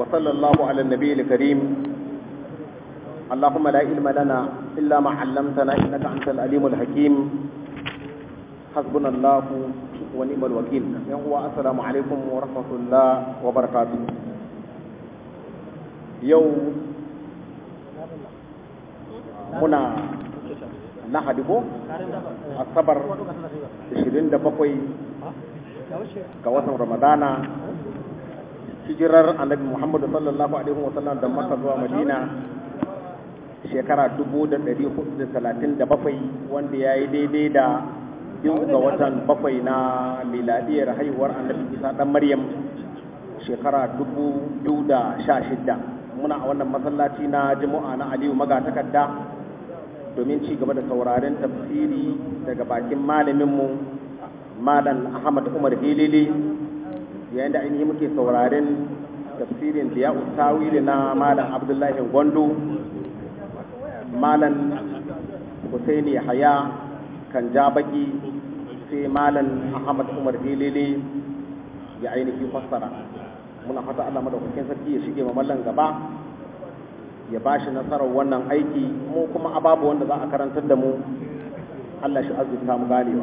وصلى الله على النبي الكريم اللهم لا علم لنا إلا ما علمتنا إنك أنت العليم الحكيم حسبنا الله ونعم الوكيل هو السلام عليكم ورحمة الله وبركاته يوم هنا lahadi ko asabar 27 ga watan ramadana hijirar annabi muhammadu sallallahu alaihi wasallam da maka zuwa madina shekara 1437 wanda ya yi daidai da biyu ga watan bakwai na miladiyar haihuwar annabi isa dan maryam shekara 2016 muna a wannan masallaci na jimu'a na aliyu magatakarda domin ci gaba da sauraren tafsiri daga bakin malaminmu malam ahmad umar hilili yayin da ainihi muke sauraren tafsirin da ya da na malam abdullahi gondo malam husaini haya kan ja baki sai malam ahmad umar hilili ya ainihin fassara muna fata allah madaukakin sarki ya shige mamallan gaba ya ba shi nasarar wannan aiki mu kuma ababu wanda za a karantar da mu allah shi azurta mu ganewa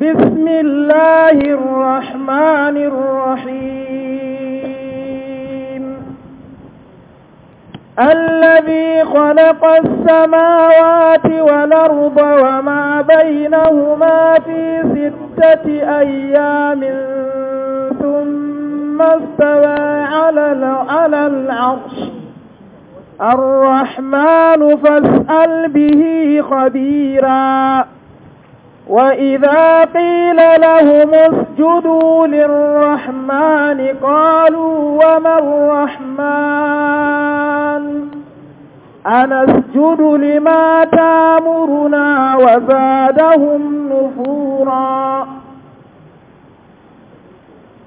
بسم الله الرحمن الرحيم الذي خلق السماوات والأرض وما بينهما في ستة أيام ثم استوى على العرش الرحمن فاسأل به خبيراً وإذا قيل لهم اسجدوا للرحمن قالوا وما الرحمن أنسجد لما تامرنا وزادهم نفورا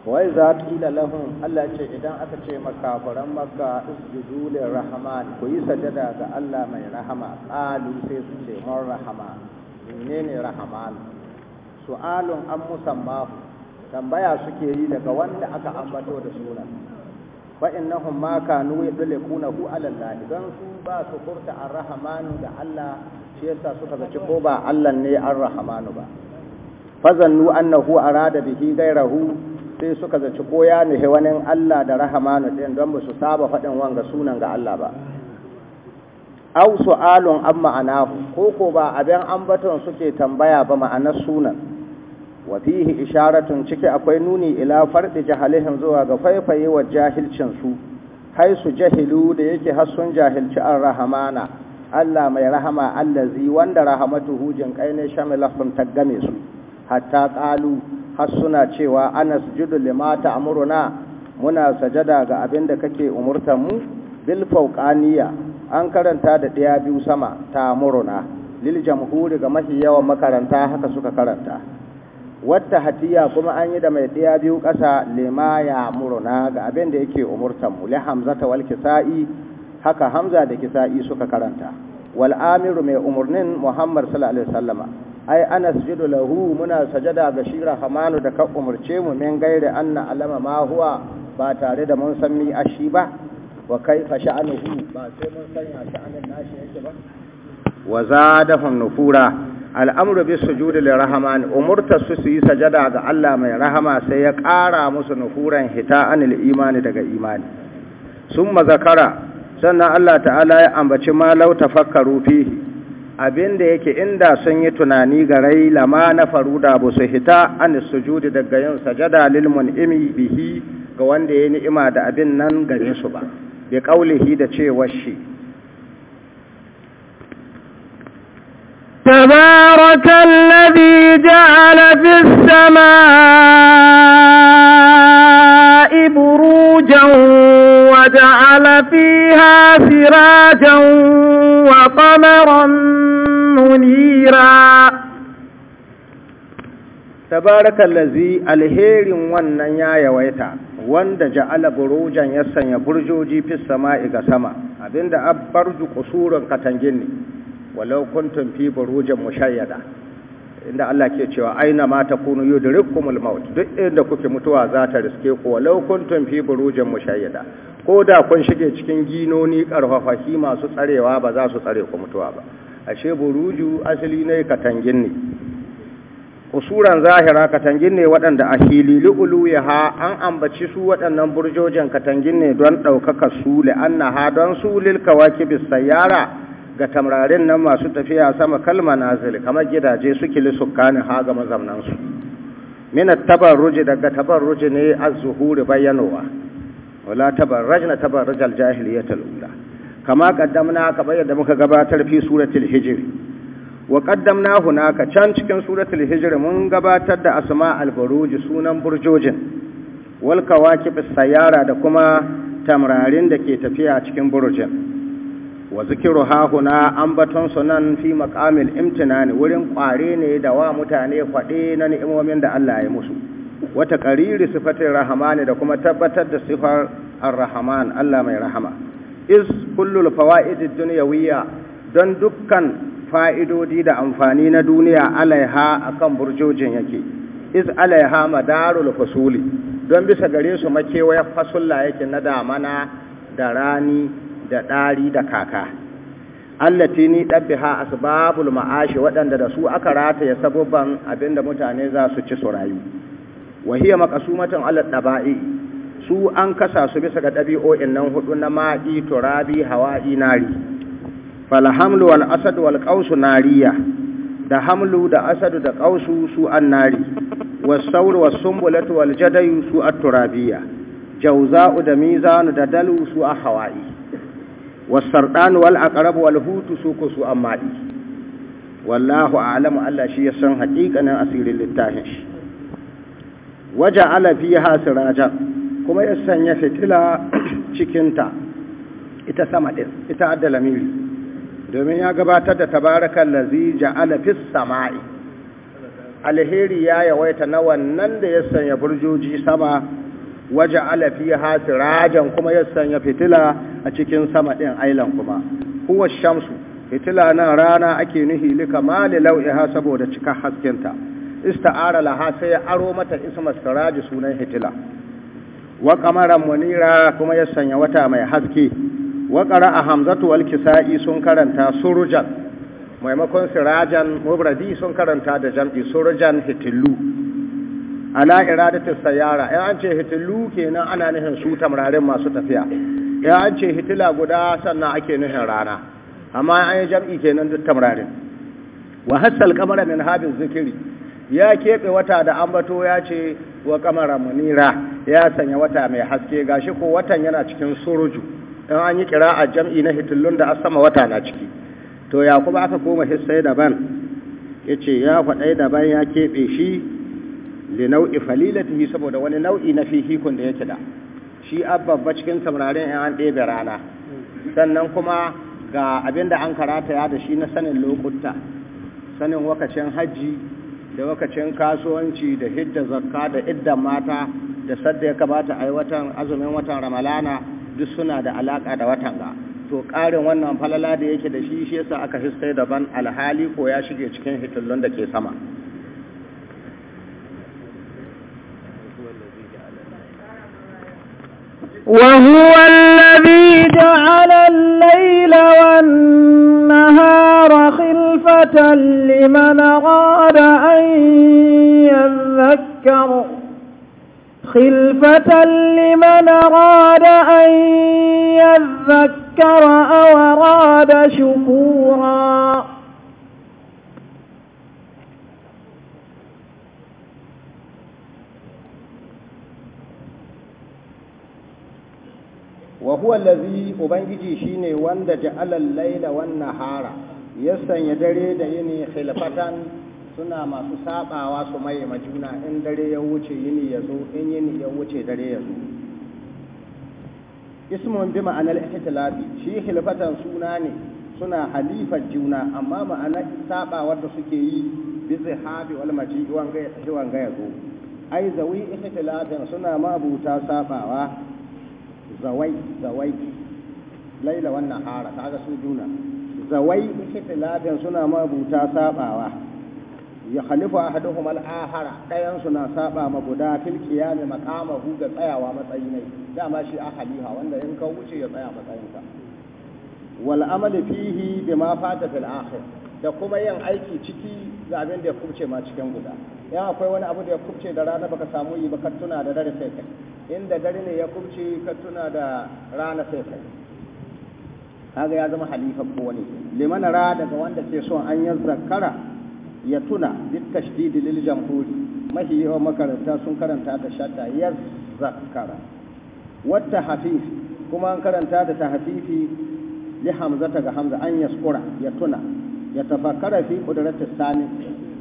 وإذا قيل لهم الله إذا أكتشي مكافرا مكا اسجدوا للرحمن كويس جدا الله من رحمة قالوا سيسجدوا الرحمن menene rahman su'alun an musamma tambaya suke yi daga wanda aka ambato da sunan fa innahum ma kanu yadlikunahu ala allahi dan su ba su furta an Rahamanu da Allah shi yasa suka zaci ko ba Allah ne an rahmanu ba fazannu annahu arada bihi gairahu sai suka zaci ko ya nuhi wani Allah da rahmanu din don ba su saba faɗin wanga sunan ga Allah ba aw su'alun an ma'anahu ko ko ba abin an ambaton suke tambaya ba ma'anar sunan wa fihi isharatun ciki akwai nuni ila fardi jahalihin zuwa ga faifaye wa jahilcin su su jahilu da yake hassun jahilci an rahamana Allah mai rahama allazi wanda rahamatu hujin kai ne shamilahum tagame su hatta qalu har cewa anas judu limata amuruna muna sajada ga abin da kake umurtan mu bil fauqaniya an karanta da ɗaya biyu sama ta muruna lil jamhuri ga mafi yawan makaranta haka suka karanta wata hatiya kuma an yi da mai ɗaya biyu ƙasa lema muruna ga abin da yake umurtan mu hamza ta wal kisa'i haka hamza da kisa'i suka karanta wal amiru mai umurnin muhammad sallallahu alaihi ai ana sujudu lahu muna sajada ga shira hamanu da ka umurce mu min gairi anna alama ma huwa ba tare da mun san mi ashi ba wa kaifa sha'anuhu ba sai mun sanya sha'anin nashi yake ba wa zadahum nufura al'amru bis sujudi lirrahman umurta su su yi sajada ga Allah mai rahama sai ya ƙara musu nufuran anil imani daga imani sun mazakara sannan Allah ta'ala ya ambaci ma tafakkaru fihi abinda yake inda sun yi tunani ga rai lama na faruda bu su hita an sujudi daga yin sajada lil mun'imi bihi ga wanda ya ni'ima da abin nan gare su ba bi ƙaulihi da cewar shi tabarakan labi ja alafis sama iburu janwa da alafi ha sira janwa kwamaron nunira tabarakan labi alherin wannan ya yawaita wanda ja'ala burujan ya sanya burjoji fi sama'i ga sama abinda abbarju qusurun katangin ne walau kuntum fi burujan mushayyada inda Allah ke cewa aina ma takunu yudrikumul maut duk inda kuke mutuwa za ta riske ku walau kuntum fi burujan mushayyada ko da kun shige cikin ginoni karfafahi masu tsarewa ba za su tsare ku mutuwa ba ashe buruju asali ne katangin ne Kusuran zahira katangin ne waɗanda a fili lu'ulu ya ha an ambaci su waɗannan burjojin katangin ne don ɗaukaka su la'anna ha don su lilkawaki bisayara ga tamrarin nan masu tafiya sama kalma nazil kamar gidaje su kili sukkani ha ga mazamnansu mina tabarruji daga tabarruji ne az-zuhuri bayyanowa wala tabarrajna tabarrujal jahiliyatul ula kama qaddamna ka bayyana muka gabatar fi suratul hijr wa qaddamna hunaka can cikin suratul hijr mun gabatar da asma al-buruj sunan burjojin wal kawakib sayara da kuma tamrarin da ke tafiya cikin burjin wa zikiru hahuna ambaton nan fi maqamil imtinani wurin kware ne da wa mutane kwade na ni'imomin da Allah ya musu wata qariri rahama rahmani da kuma tabbatar da sifar ar-rahman Allah mai rahama is kullul fawaidid dunyawiyya don dukkan fa'idodi da amfani na duniya alaiha kan burjojin yake iz alaiha madarul fasuli don bisa gare su makewayar fasulla yake na damana da rani da ɗari da kaka allati ni ɗabbiha asbabul ma'ashi waɗanda da su aka rataya sababban abinda mutane za su ci su rayu wa matan Allah ɗaba'i su an kasa su bisa ga ɗabi'o'in nan hudu na ma'i turabi hawa'i nari falhamlu wal asad wal nariya da hamlu da asadu da qausu su an nari was saur was sumbulat su at turabiya Jauza'u da mizan da dalu su a hawai was sardan wal hutu su su amadi wallahu a'lamu alla shi yasan haqiqanan asirin littahin shi waja ala fiha siraja kuma yasan ya fitila cikin ita sama din ita adda lamili domin ya gabatar da tabarakan lazi ja'ala fis sama'i alheri ya yawaita na wannan da ya sanya burjoji sama waje alafi rajan kuma ya sanya fitila a cikin sama ɗin ailan kuma kuwa shamsu fitila na rana ake nuhi lika mali ha saboda cika haskinta. ista'ara laha sai ya aro mata isma siraji sunan fitila wa kamaran munira kuma ya sanya wata mai haske wa a hamzatu wal kisa'i sun karanta surujan maimakon sirajan mubradi sun karanta da jam'i surujan hitillu ala iradatu sayara ya an ce hitillu kenan ana nufin su tamrarin masu tafiya ya an ce hitila guda sannan ake nufin rana amma an yi jam'i kenan duk tamrarin wa hassal min habin zikiri ya keɓe wata da ambato ya ce wa kamara munira ya sanya wata mai haske gashi ko watan yana cikin suruju dan an yi kira a jam'i na hitullun da asama wata na ciki to ya kuma aka koma hissai daban ya ce ya faɗai daban ya keɓe shi li nau'i falilatihi saboda wani nau'i na hikun da yake da shi abbabba cikin samrarin 'yan an ɗebe rana sannan kuma ga abinda an karata ya da shi na sanin lokuta sanin wakacin hajji da wakacin kasuwanci da hidda zakka da iddan mata da sadda ya kamata a yi watan azumin watan ramalana duk suna da alaƙa da watan ga to ƙarin wannan falala da yake da shi shi yasa aka histai daban alhali ko ya shige cikin hitullun da ke sama وهو الذي جعل الليل والنهار خلفة لمن أراد أن يذكر خلفة لمن أراد أن يذكر أو أراد شكورا وهو الذي أبنجي شيني واند جعل الليل والنهار يسن يدري دعيني خلفة suna masu sabawa su maye majuna in dare ya wuce yini ya zo in yini ya wuce dare ya zo ismun bi ma'anar ihtilafi shi hilfatan suna ne suna halifar juna amma ma'anar saba wanda suke yi bi zihabi wal maji wanga ya tafi wanga ya zo ai zawi ihtilafin suna mabuta sabawa zawai zawai laila wannan hara kaga su juna zawai ihtilafin suna mabuta sabawa ya khalifa ahaduhum al-ahara dayan na saba ma guda fil qiyam maqamahu ga tsayawa matsayi ne dama shi ahaliha wanda in ka wuce ya tsaya matsayinka wal amal fihi bima fata fil akhir da kuma yin aiki ciki ga abin da ya kubce ma cikin guda yan akwai wani abu da ya kubce da rana baka samu yi ba ka tuna da dare sai kai inda dare ne ya kubce ka tuna da rana sai kai kaga ya zama halifa ko wani daga wanda ke son an yi ya tuna duk tashdidi lil jamhuri mahi makaranta sun karanta da shadda ya zakara wata hafif kuma an karanta da ta hafifi li hamzata ga hamza an yaskura ya tuna ya tafakkara fi qudrati sani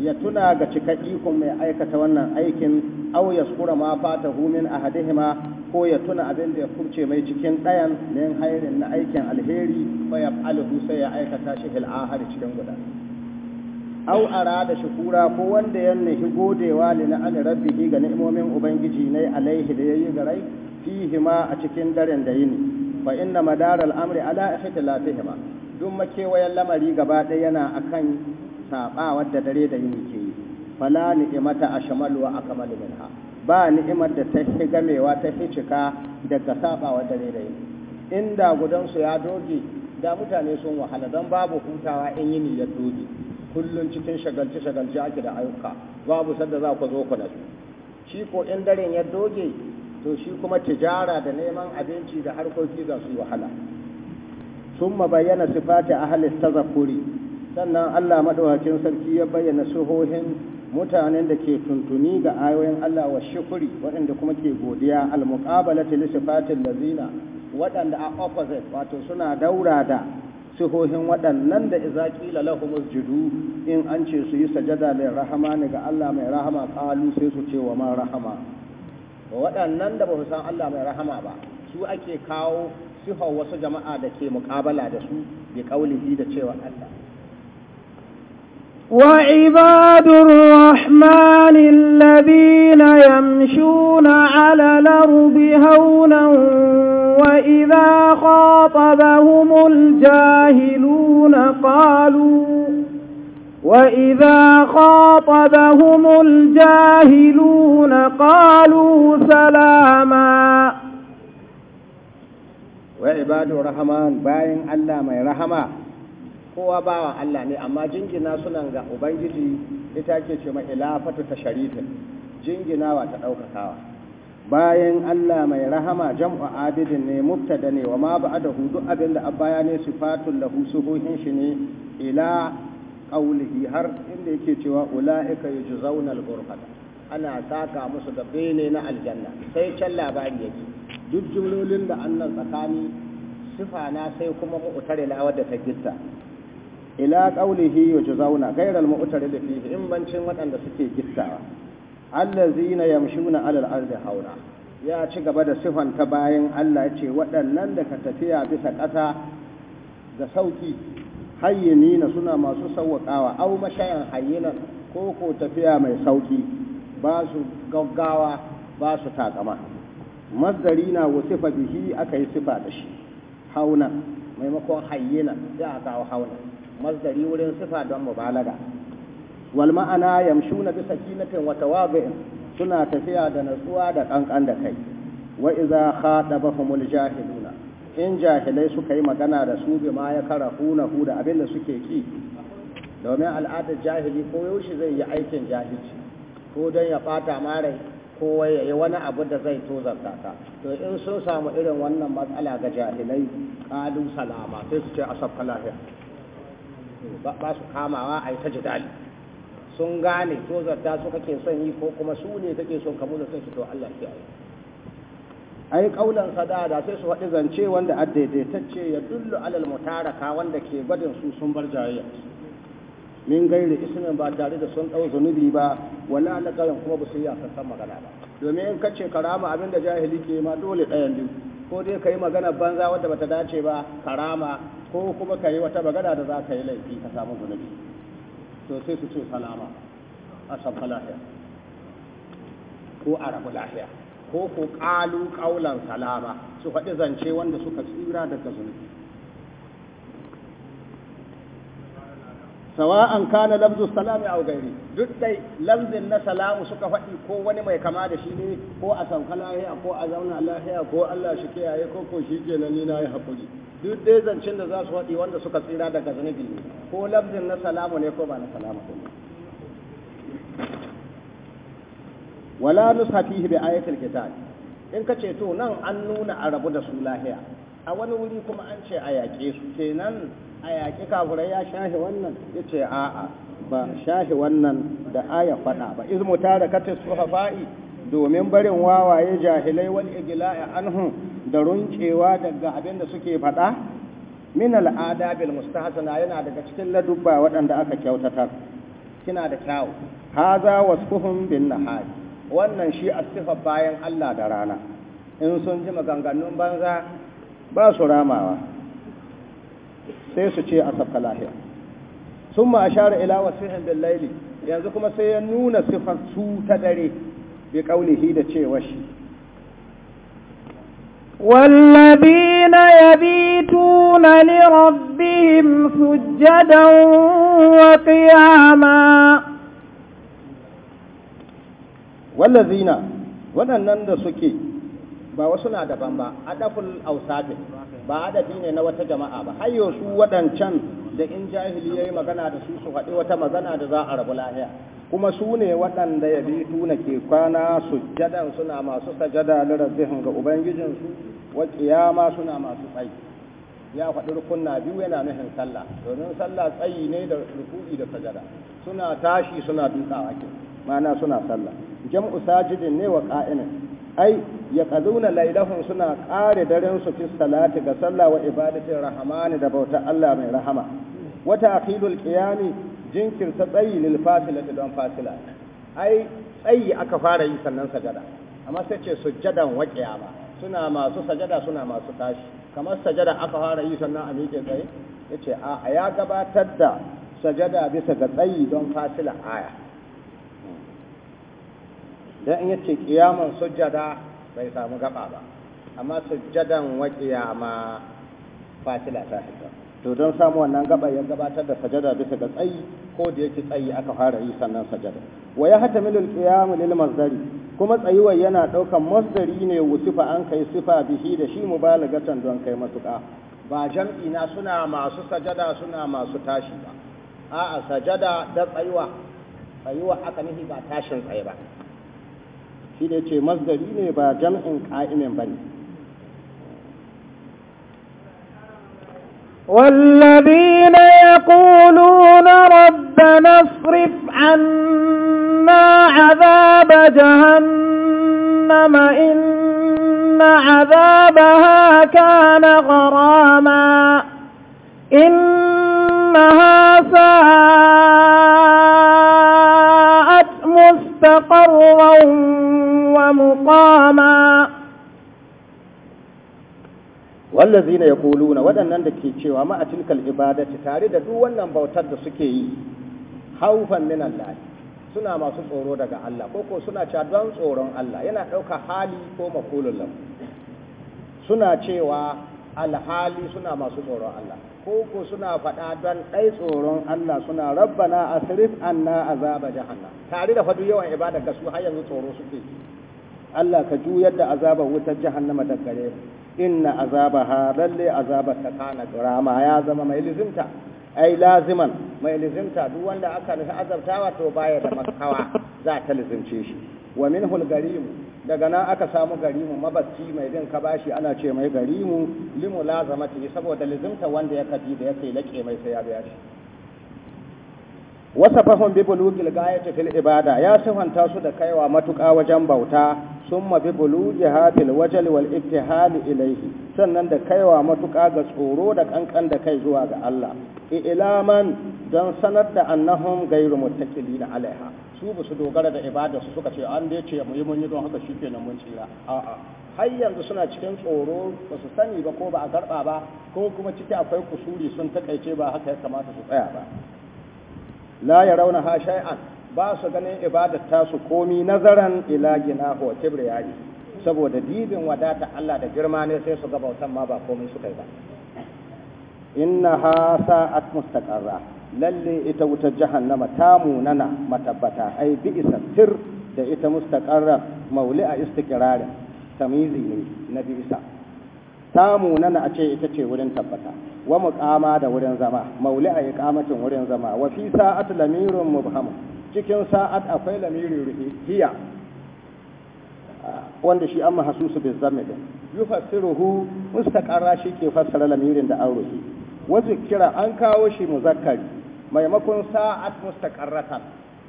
ya tuna ga cika ikon mai aikata wannan aikin au yaskura ma fatahu min ahadihima ko ya tuna abin da ya kurce mai cikin ɗayan min hairin na aikin alheri fa ya sai ya aikata shi hil'ahari cikin gudanar. au da shukura ko wanda ya nahi godewa li na ala rabbihi ga ni'imomin ubangiji ne alaihi da yayi garai fihi ma a cikin daren da yini fa inna madar al-amri ala ihtilafihima duk wayan lamari gaba ɗaya yana akan saba wadda dare da yini ke yi fala ni'imata ashmalu wa akmalu minha ba ni'imar da ta fi gamewa ta fi cika daga wadda dare da yini inda gudansu ya doge da mutane sun wahala don babu hutawa in yini ya doge kullum cikin shagalce shagalce ake da ayyuka babu sanda za ku zo ku nasu shi ko in daren ya doge to shi kuma tijara da neman abinci da harkoki za su wahala sun bayyana sifati ahalis zakuri. sannan Allah madawacin sarki ya bayyana suhohin mutanen da ke tuntuni ga ayoyin Allah wa shukuri waɗanda kuma ke godiya al-muqabalati li sifatil lazina waɗanda a opposite wato suna daura da sihohin waɗannan da iza ƙila lahumus in an ce su yi sajada mai rahama ne ga Allah mai rahama ƙalu sai su ce wa ma rahama waɗannan da ba su san Allah mai rahama ba su ake kawo sihon wasu jama'a da ke muƙabala da su bi ƙaulihi da cewa Allah وعباد الرحمن الذين يمشون على الأرض هونا وإذا خاطبهم الجاهلون قالوا وإذا خاطبهم الجاهلون قالوا سلاما وعباد الرحمن باين الله ما يرحمه kowa bawan Allah ne amma jingina suna ga ubangiji ita ke ce ma ilafatu tasharifin jinginawa ta daukakawa bayan Allah mai rahama jam'u abidin ne mubtada ne wa ma ba'dahu hudu abin da abaya ne sifatul lahu subuhin shi ne ila qaulihi har inda yake cewa ulaika yujzauna al-ghurfata ana saka musu da bene na aljanna sai can labari yake duk jumlolin da annan tsakani sifa na sai kuma utare lawar da ta gitta ila zauna, yujzauna ghayral mu'tarid fihi in bancin waɗanda suke na allazina yamshuna alal ardi hauna ya ci gaba da sifanta bayan Allah ya ce waɗannan da ka tafiya bisa ƙasa da sauki hayyini na suna masu sauwaƙawa au mashayan hayyinan ko ko tafiya mai sauki ba su gaggawa ba su takama masdari na wasifa bihi aka yi sifa da shi hauna maimakon hayyina ya kawo hauna masdari wurin sifa don mubalaga wal ma'ana yamshuna bi sakinatin wa tawadhu'in suna tafiya da natsuwa da kankan da kai wa idza khatabahumul jahiluna in jahilai suka yi magana da su bi ma ya karahuna hu da abinda suke ki domin al'adar jahili ko yaushe zai yi aikin jahilci ko don ya fata mare ko yayi wani abu da zai to ka to in sun samu irin wannan matsala ga jahilai qalu salama sai su ce asaf lahiya ba su kamawa a yi ta jidali sun gane ko zarta su kake son yi ko kuma su ne kake son kamu da sun shi to Allah ke yi ai kaulan sadada sai su faɗi zance wanda addaidaitacce ya dullu alal mutaraka wanda ke gwadin su sun bar jayayya min gairi ismin ba tare da sun dau zunubi ba wala la kuma ba su yi a magana ba domin in kace karama abin da jahili ke ma dole ɗayan biyu ko dai ka yi magana banza wadda bata dace ba karama ko kuma ka yi wata magana da za ka yi laifi ka samu zunubi to sai su ce salama a shafa lahiya ko a rabu lahiya ko ko ƙalu kaulan salama su faɗi zance wanda suka tsira daga zunubi sawa an kana lafzu salami a gairi duk dai lafzin na salamu suka faɗi ko wani mai kama da shi ne ko a sauka lahiya ko a zauna lahiya ko Allah shi kiyaye ko ko shi kenan ni nayi hakuri duk dai zancen da za su faɗi wanda suka tsira daga zanabi ne ko lafzin na salamu ne ko ba na salamu ne wala nusha fihi bi ayatil kitab in ka ce to nan an nuna a rabu da su lahiya a wani wuri kuma an ce a yaƙe su kenan a yaƙi kafurai ya shahi wannan ya ce a'a ba shahi wannan da aya faɗa ba izmu ta da su hafa'i domin barin wawaye jahilai wani igila a anhu da runcewa daga abin da suke faɗa min al'ada bil mustahsana yana daga cikin ladubba waɗanda aka kyautata kina da kyawu haza wasfuhum bin nahari wannan shi asifar bayan Allah da rana in sun ji maganganun banza ba su ramawa sai su ce a safka lahiya. sun ma a share ilawa sihin bin yanzu kuma sai ya nuna siffar su ta dare bi kaunihi da cewa shi والذين يبيتون لربهم سجدا وقياما والذين waɗannan da suke ba wasu na daban ba adaful ausafin ba adabi ne na wata jama'a ba har su waɗancan da in jahili yayi magana da su su haɗi wata magana da za a rabu lahiya kuma su ne waɗanda ya tuna ke kwana sujjadan suna masu sajada da rabbihin ga ubangijinsu wa kiyama suna masu tsayi ya faɗi rukunna biyu yana nufin sallah domin sallah tsayi ne da rukuni da sajada suna tashi suna dutsawa ke ma'ana suna sallah jam'u sajidin ne wa qa'imin ai ya kaduna lailahun suna kare daren su fi salati ga sallah wa ibadatin rahamani da bautar Allah mai rahama wata aqidul qiyami jinkirta tsayi lil fasilati don fasila ai tsayi aka fara yi sannan sajada amma sai ce sujjadan wa qiyama suna masu sajada suna masu tashi kamar sajada aka fara yi sannan a miƙe tsaye yace a ya gabatar da sajada bisa ga tsayi don fasila aya dan in yace kiyaman sujjada bai samu gaba ba amma sujjadan wa kiyama fatila ta hita to don samu wannan gaba ya gabatar da sajada bisa ga tsayi ko da yake tsayi aka fara yi sannan sajada wa ya milul qiyam lil masdari kuma tsayuwa yana daukan masdari ne wusifa an kai sifa bihi da shi mubalagatan don kai matuka ba jam'i na suna masu sajada suna masu tashi ba a'a sajada da tsayuwa tsayuwa aka nihi ba tashin tsaye ba shi da ce masdari ne ba jam'in ka'imin ba ne والذين يقولون ربنا اصرف عنا عذاب جهنم إن عذابها كان غراما إنها ساعة مستقرا ومقاما wallazina na waɗannan da ke cewa ma a ibadati tare da duk wannan bautar da suke yi haufan min suna masu tsoro daga Allah ko ko suna cewa don tsoron Allah yana ɗauka hali ko makulun suna cewa alhali suna masu tsoron Allah koko suna faɗa don ɗai tsoron Allah suna rabbana asirif, anna azaba jahannam tare da faɗi yawan ibada ga su har yanzu tsoro suke Allah ka juyar da azaba wutar jahannama da gare inna azaba ha lalle azaba ta kana drama ya zama mai lizinta ai laziman mai lizinta duk wanda aka nufi azabtawa to baya da makawa za ta lizimce shi wa minhul garimu daga nan aka samu garimu mabacci mai bin ka bashi ana ce mai garimu limu lazamati saboda lizimta wanda ya kafi da ya sai laƙe mai sai ya biya shi wasa fahon bi bulugil gayati fil ibada ya sifanta su da kaiwa matuƙa wajen bauta summa bi bulugi hafil wajal wal ittihali ilaihi sannan da kaiwa matuƙa ga tsoro da kankan da kai zuwa ga Allah ilaman don sanar da annahum gairu muttaqilina alaiha su ba su dogara da ibada su suka ce an dai ce mu yi mun yi don haka kenan mun tsira a'a har yanzu suna cikin tsoro ba su sani ba ko ba a karba ba ko kuma ciki akwai kusuri sun takaice ba haka ya kamata su tsaya ba la rauna ha shay'an ba su ganin ibadar su komi nazaran ila ginahu wa kibriyani saboda dibin wadata Allah da girma ne sai su ga bautan ma ba komai suka yi ba innaha sa'at mustaqarra lalle ita wutar jahannama ta munana matabbata ai bi isattir da ita mustaqarra mauli'a istiqrar tamizi ne na bi isa ta munana a ce ita ce wurin tabbata wa muqama da wurin zama mauli'a iqamatin wurin zama wa fi sa'at lamirun mubham cikin sa'at akwai lamirin ruhiya wanda shi amma hasusu bizammi din yufassiruhu mustaqarra shi ke fassara lamirin da an ruhi wajen kira an kawo shi muzakkari maimakon sa'at mustaqarratan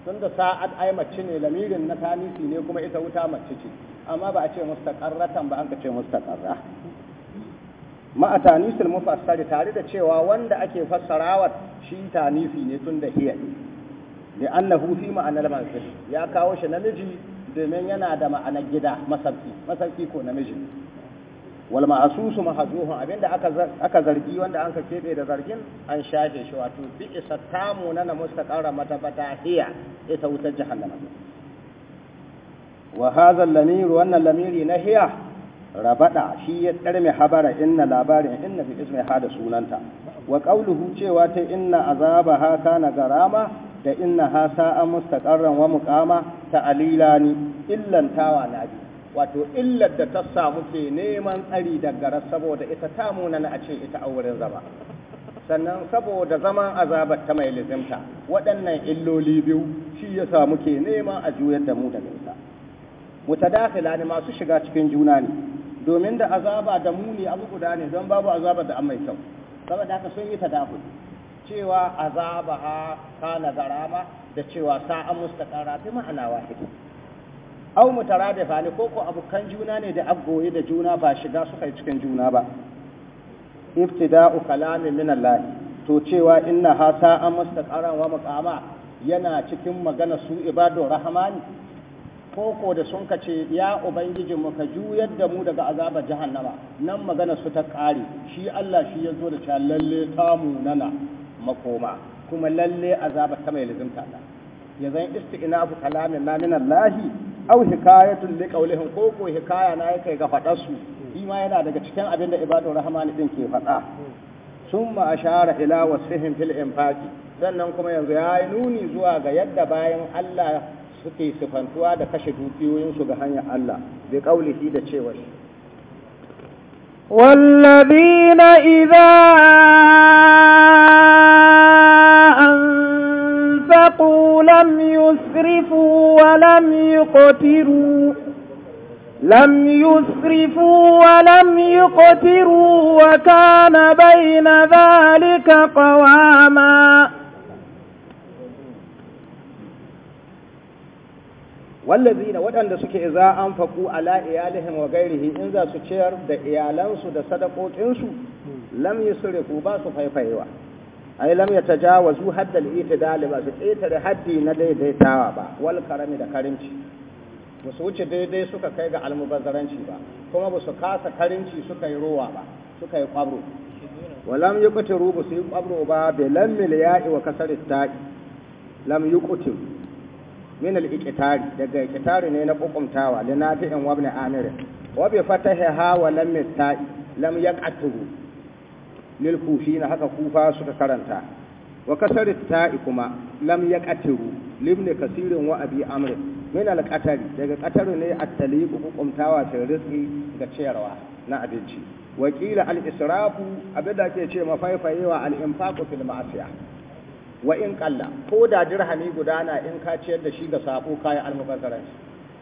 tunda sa'at ai mace ne lamirin na tanisi ne kuma ita wuta mace ce amma ba a ce mustaqarratan ba an ka ce mustaqarra ma a tanisi mufassari tare da cewa wanda ake fassarawa shi tanisi ne tunda hiya ne annahu fi ma'anar mansur ya kawo shi namiji domin yana da ma'anar gida masarki masarki ko namiji wal ma'asusu mahzuhun abinda aka zargi wanda an ka kebe da zargin an shafe shi wato bi isa tamu na na mustaqara matabata ita wutar jahannama wa hadha al-lamir wannan lamiri na hiya rabada shi ya tsarme habara inna labarin inna bi ismi hada sunanta wa qawluhu cewa ta inna azabaha kana garama da inna ha sa'a mustaqarran wa muqama ta'alilani illantawa nabi wato illar da ta samu ke neman tsari daga saboda ita ta na a ce ita a auren zama sannan saboda zaman azabar ta mai lizimta waɗannan illoli biyu shi ya samu ke neman a juyar da mu da nisa dafila ne masu shiga cikin juna ne domin da azaba da mu ne abu guda ne don babu azaba da mai kyau saboda haka sun yi ta tadafil cewa azaba ha kana da cewa sa'a mustaqara fi ma'ana wahidi au mutaradifa ne ko ko abukan juna ne da abgoye da juna ba shiga suka yi cikin juna ba ibtida'u kalamin min Allah to cewa inna hasa an mustaqaran wa maqama yana cikin magana su ibadu rahmani ko ko da sun kace ya ubangiji mu ka juyar da mu daga azabar jahannama nan magana su ta kare shi Allah shi yazo da cewa lalle ta nana makoma kuma lalle azabar ta mai lazimta ya zan isti'nafu kalamin na min Allah au hikayatun li qawlihim ko ko hikaya na yake ga fadar su ima yana daga cikin abinda da ibadur rahman din ke fada summa ashara ila wasfihim fil infaqi sannan kuma yanzu yayi nuni zuwa ga yadda bayan Allah suke sifantuwa da kashe dukiyoyin su ga hanyar Allah bi qawlihi da cewa walladina idza أنفقوا لم يسرفوا ولم يقتروا لم يسرفوا ولم يقتروا وكان بين ذلك قواما wallazi na waɗanda suke za an faku ala iyalihim wa gairihi in za su ciyar da iyalansu da sadakokinsu lam yusrifu ba su faifayewa ai lam ya tajawazu al itidal ba su ƙetare haddi na daidaitawa ba wal karami da karimci ba su wuce daidai suka kai ga almubazzaranci ba kuma ba su kasa karimci suka yi rowa ba suka yi kwabro walam yuqtiru ba su yi kwabro ba bi lam ya'i wa kasar ta'i lam yuqtir min al iqtari daga iqtari ne na kokumtawa linafi'in wa ibn amir wa bi fatahiha wa lam ta'i lam yaqtiru lil na haka kufa suka karanta wa kasar ta'i kuma lam ya katiru limne kasirin wa abi min daga qataru ne attaliqu kumtawa ta rizqi ga ciyarwa na abinci wa qila al israfu abinda ke ce mafaifayewa al infaqu fil ma'asiya wa in qalla ko da dirhami guda na in ka ciyar da shi ga sako kayan almubazzaranci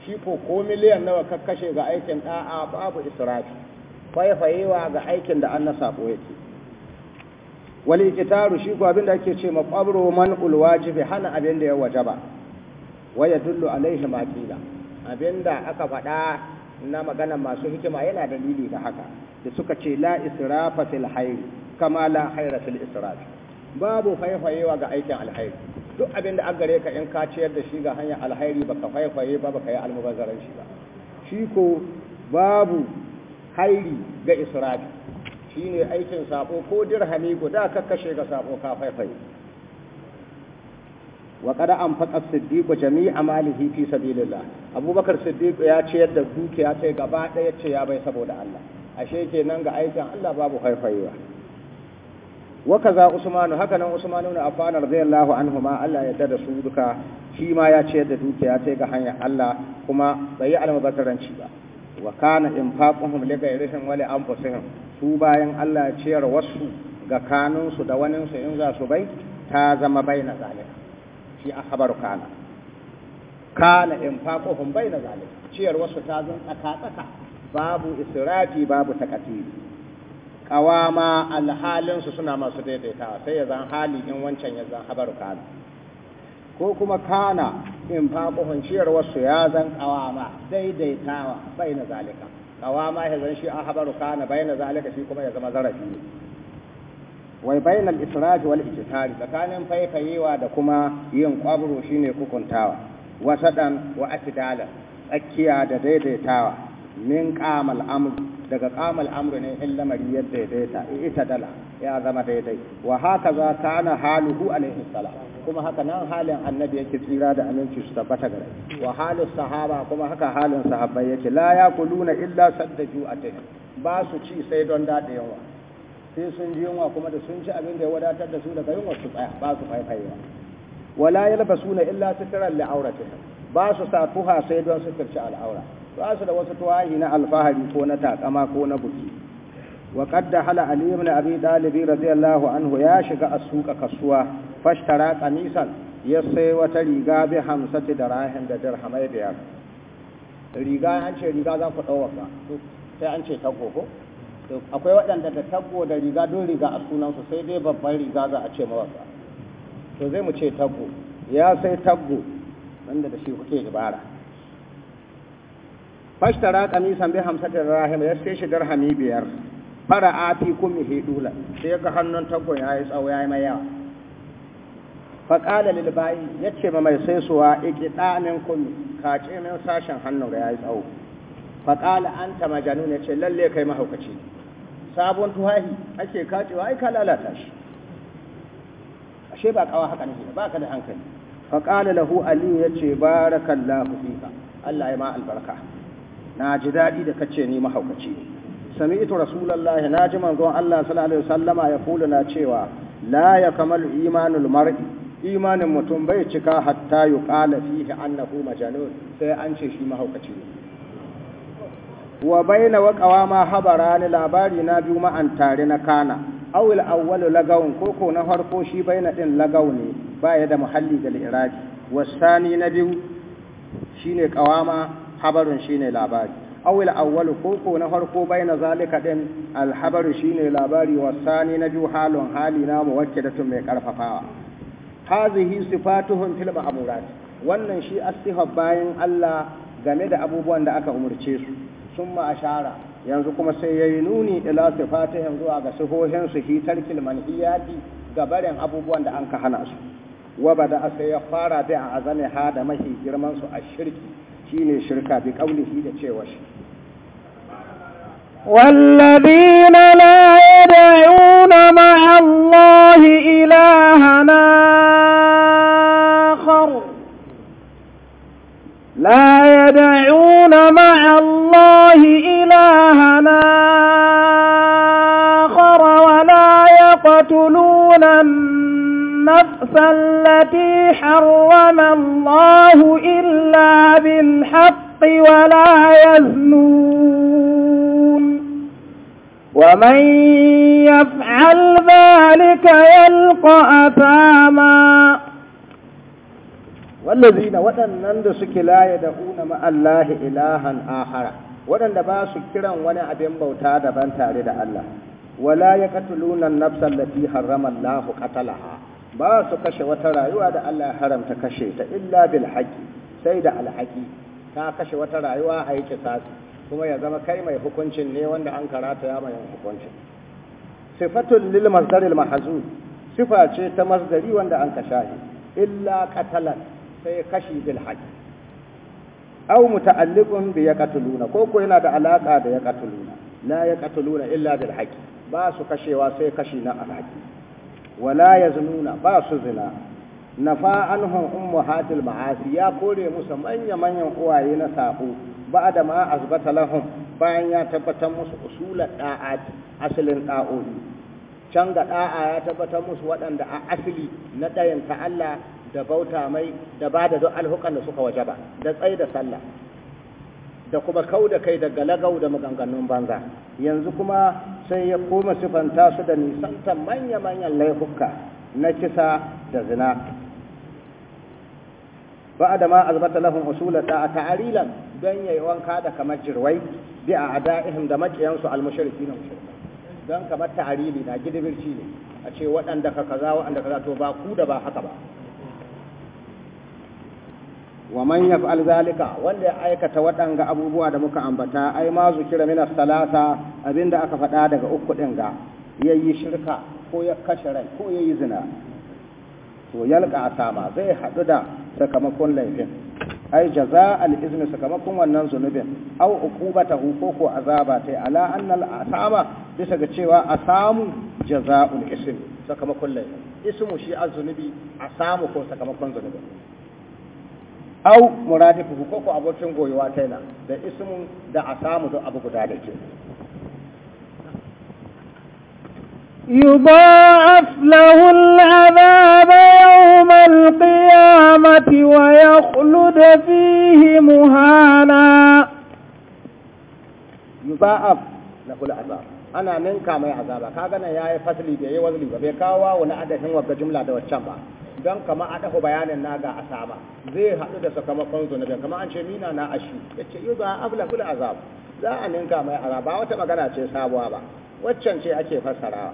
shi ko ko miliyan nawa kakkashe ga aikin da'a babu israfi faifayewa ga aikin da an na sako yake wal iqtaru shi ko abin da ake ce ma qabru man ul wajibi hana abin da ya wajaba Waya dullu alaihi ma qila abin aka faɗa na magana masu hikima yana dalili da haka da suka ce la israfa fil hayr kama la hayra fil israf babu faifayewa ga aikin alhairi duk abin da aka gare ka in ka ciyar da shi ga hanyar alhairi baka faifaye ba baka yi almubazzaran shi ba shi ko babu hairi ga israfi Shi ne aikin sabo ko dirhami guda ka kashe ga sabo ka faifai wa kada an faƙa siddiqu jami'a malihi fi sabilillah abubakar siddiqu ya yadda da dukiya ce gaba ɗaya ce ya bai saboda Allah ashe kenan ga aikin Allah babu faifaiwa wa kaza usmanu haka nan usmanu ne affan radiyallahu anhu ma Allah ya da su duka shi ma ya ciyar da dukiya ce ga hanyar Allah kuma bai yi almubazzaranci ba wa kana infaqahum li ghayrihim wa li anfusihim su bayan Allah ciyar wasu ga kanunsu da waninsu in za su bai ta zama bai na zalika shi a habar kana kana in faƙohun bai na zalika ciyar wasu ta zan tsaka-tsaka babu israfi babu takatiri kawama alhalinsu suna masu daidaitawa sai ya zan hali in wancan ya zan habar kana ko kuma kana in faƙohun ciyar wasu ya zan kawama daidaitawa bai na zalika kawa ma ya zan shi an habaru kana bayyana zalika shi kuma ya zama zarafi ne wai bayyana israj wal ijtihad tsakanin faifayewa da kuma yin kwabro shine hukuntawa sadan wa atidala tsakiya da daidaitawa min qamal amr daga qamal amr ne in lamari ya daidaita ita dala ya zama daidai wa haka za ta kana haluhu alaihi salam kuma haka nan halin annabi yake tsira da aminci su tabbata gare wa halin sahaba kuma haka halin sahabbai yake la ya kuluna illa a ju'atin ba su ci sai don dade yawa sai sun ji yunwa kuma da sun ci abin da ya wadatar da su daga yunwa su tsaya ba su faifayewa wala yalbasuna illa sitran li aurati ba su sa tuha sai don su kirci al'aura ba su da wasu tuwahi na alfahari ko na takama ko na buki وقد دخل علي بن أبي طالب رضي الله عنه يا شقاء السوق كسوة فاشترى قميصا يسي وتريقا بخمسة دراهم درهم بيار ريقا أنشي ريقا ذا فتوقع sai an ce taggo ko akwai waɗanda da taggo da riga don riga a sunansu sai dai babban riga za a ce mawaka. to zai mu ce taggo ya sai taggo wanda da shi kuke ibara fashtara kamisan bi da rahim ya sai shi dirhami biyar fara a fi kuma hidula sai ga hannun tagon ya yi tsawo ya yi mai yawa faƙala lil ya yace ma mai sai suwa iki ɗamin ka ce min sashen hannun ga ya yi tsawo fa an ta majanun yace ce lalle kai mahaukaci sabon tuhahi ake kacewa ai ka lalata shi ashe ba kawa haka ne ba ka da hankali faƙala lahu aliyu ya ce barakallahu fika Allah ya ma albarka na ji daɗi da kace ni mahaukaci ne sami'tu rasulullahi na ji manzon Allah sallallahu alaihi wasallama ya kula cewa la ya kamalu imanul mar'i imanin mutum bai cika hatta yuqala fihi annahu majnun sai an ce shi mahaukaci ne wa baina wa ma habara ni labari na biyu ma an tare na kana awil awwalu lagawun koko na farko shi baina din lagawu ne baya da muhalli ga iradi wasani na biyu shine qawama habarun shine labari awil awwalu ko ko na farko baina zalika din alhabaru shine labari wasani na biyu halon hali na muwakkidatun mai karfafawa hazihi sifatuhum fil ma'murat wannan shi as bayan Allah game da abubuwan da aka umurce su summa ashara yanzu kuma sai yayi nuni ila sifatihim zuwa ga sifohin su fi tarkil manhiyati ga barin abubuwan da an ka hana su wa bada sai ya fara da a azami hada mahi girman su a shirki shine shirka bi kaulihi da cewa shi والذين لا يدعون مع الله إلهنا آخر لا يدعون مع الله إلهنا آخر ولا يقتلون النفس التي حرم الله إلا بالحق ولا يزنون ومن يفعل ذلك يلقى أثاما والذين waɗannan da suke laya da una ma'allahi ilahan ahara waɗanda ba su kiran wani abin bauta daban tare da Allah wala ya katuluna nafsan lati harrama Allahu qatalaha ba su kashe wata rayuwa da Allah haramta kashe ta illa bil haqqi sai da alhaqi ta kashe wata rayuwa a yi kisasi kuma ya zama kai mai hukuncin ne wanda an karata ya mai hukuncin sifatun lil masdaril mahzuf sifa ce ta masdari wanda an kashahi illa qatalan sai kashi bil haqq aw muta'alliqun bi yaqtuluna ko ko yana da alaka da yaqtuluna la yaqtuluna illa bil haqq ba su kashewa sai kashi na alhaqi wala yaznuna ba su zina nafa anhum ummahatil ma'asi ya kore musu manya manyan uwaye na sahu. ba'da ma azbata lahum bayan ya tabbatar musu usulat da'at asalin da'o'i can ga da'a ya tabbatar musu waɗanda a asali na ɗayan ta Allah da bauta mai da bada da duk alhukan da suka wajaba da tsayi da sallah da kuma kau da kai daga lagau da maganganun banza yanzu kuma sai ya koma sifanta su da nisantar manya-manyan laifuka na kisa da zina بعد ما أثبت لهم أصول الساعة تعليلا بين يوان كاد كمجروي بأعدائهم دمج ينسو المشركين والمشركين dan kamar ta'arili na gidan ne a ce waɗanda ka kaza to ba ku da ba haka ba wa man yaf'al zalika wanda ya aikata waɗanda abubuwa da muka ambata ai ma zukira min as-salata abinda aka faɗa daga uku din ga yayi shirka ko ya kashe rai ko yayi zina to yalka asama zai hadu da sakamakon laifin ai jaza al-izmi sakamakon wannan zunubin aw uqubatahu ko ko azaba ta ala annal asama bisa ga cewa samu jaza ism sakamakon laifin ismu shi a zunubi asamu ko sakamakon zunubin aw muradifu ko ko abokin ta taina da ismu da asamu da abu guda da ke يضاعف له العذاب يوم القيامة ويخلد فيه مهانا يضاعف له العذاب أنا ninka mai azaba ka gana ya yi fasili bai yi wazili ba bai kawo wani adadin dan kama aka dafa bayanin na ga asaba zai haɗu da sakamakon zunubin kama an ce mina na ashi ya ce yi za a abla kula azab za a ninka mai azaba wata magana ce sabuwa ba waccan ce ake fassarawa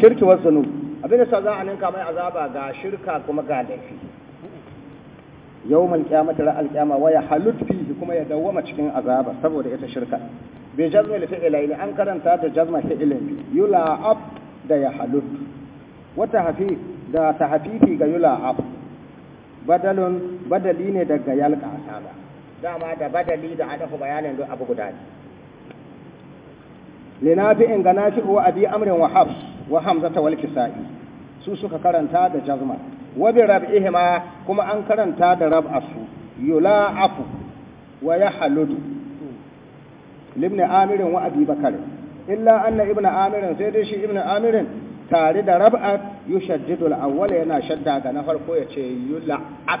shirki wa zunub abin da sa za a ninka mai azaba ga shirka kuma ga laifi yawmal qiyamati ra al qiyama wa yahlut fihi kuma ya dawwama cikin azaba saboda ita shirka bi fi'li ila an karanta da jazma fi'lin ab da yahlut wa tahfi da tahfifi ga ab badalun badali ne daga yalqa asaba dama da badali da ku bayanin duk abu guda ne linafi'in ga nafi'u abi amrin wa hafs wa hamzata wal kisa'i su suka karanta da jazma wa bi rab'ihima kuma an karanta da rab'asu yula'afu wa yahludu ibn amirin wa abi bakar illa anna ibn amirin sai dai shi ibn amirin tare da rab'at al awwal yana shadda ga na farko yace yula'af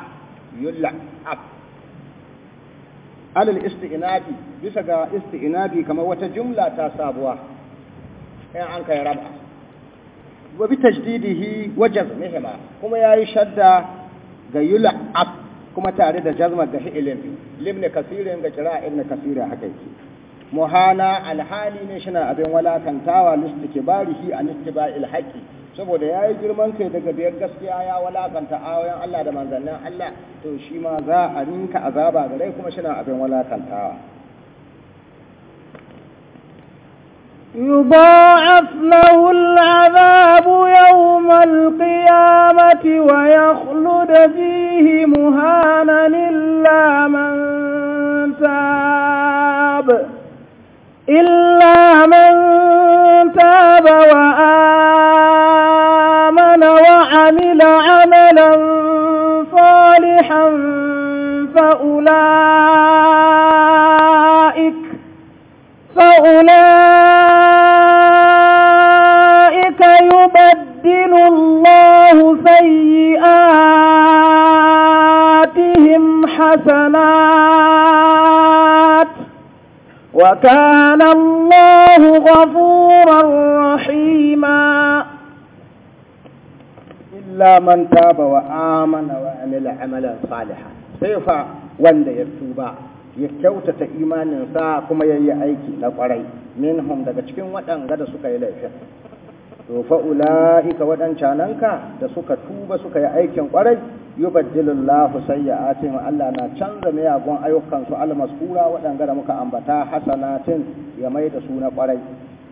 yula'af alal isti'nabi bisa ga isti'nabi kamar wata jumla ta sabuwa in an kai rab'at wa bi tajdidihi wa jazmihima kuma yayi shadda ga yul'ab kuma tare da jazma ga fi'ilin limn kasirin ga kira ibn kasira haka yake muhana alhali ne shi na abin walakantawa listikbarihi an ittiba'il haqi saboda yayi girman kai daga biyar gaskiya ya walakanta ayoyin Allah da manzannin Allah to shi ma za a rinka azaba gare kuma shi na abin walakantawa يضاعف له العذاب يوم القيامة ويخلد فيه مهانا إلا من تاب إلا من تاب وآمن وعمل عملا صالحا فأولئك فأولئك يبدل الله سيئاتهم حسنات وكان الله غفورا رحيما إلا من تاب وآمن وعمل عملا صالحا سيفا وند يتوبا ya kyautata imaninsa kuma ya yi aiki na kwarai minhum daga cikin waɗanda da suka yi laifin to fa'ula'ika waɗancananka da suka tuba suka yi aikin kwarai yubaddilullahu sayyi'atihim Allah na canza miyagun ayyukansu almaskura waɗanga da muka ambata hasanatin ya mai da su na kwarai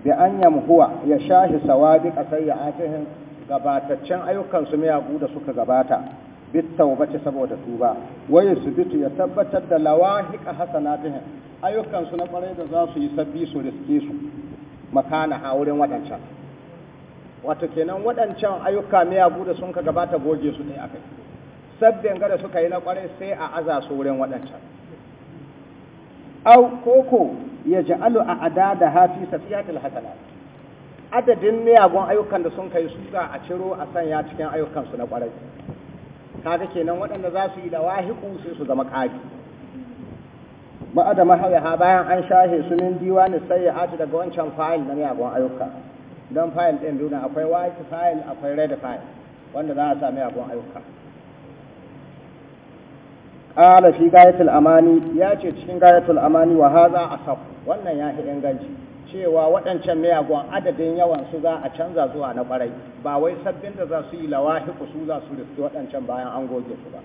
bi an yamhuwa ya shahi ya sayyi'atihim gabataccen ayyukansu miyagu da suka gabata bittawbati saboda tuba waye su bitu ya tabbatar da lawahiqa hasanatihi ayyukan su na kwarai da za su yi sabbi su riske su makana a wurin wadancan wato kenan wadancan ayyuka ya bude sun ka gabata goge su ne akai sabbin gare suka yi na kwarai sai a aza su wurin wadancan au koko ya ja'alu a adada hafi safiyatul hasanat adadin miyagun ayyukan da sun kai su ga a ciro a sanya cikin ayyukan su na kwarai kaga kenan waɗanda za su yi da wahiku sai su zama ƙari Ma'adama mahawiha bayan an shahe su min ya aji daga wancan fayil na miyagun ayyuka don fayil ɗin biyu akwai white fayil akwai red fayil wanda za a sa miyagun ayyuka ƙala fi gayatul amani ya ce cikin gayatul amani wa haza asaf wannan ya fi inganci cewa waɗancan miyagun adadin yawan su za a canza zuwa na ƙwarai ba wai sabbin da za su yi lawahiku su za su riski waɗancan bayan an goge su ba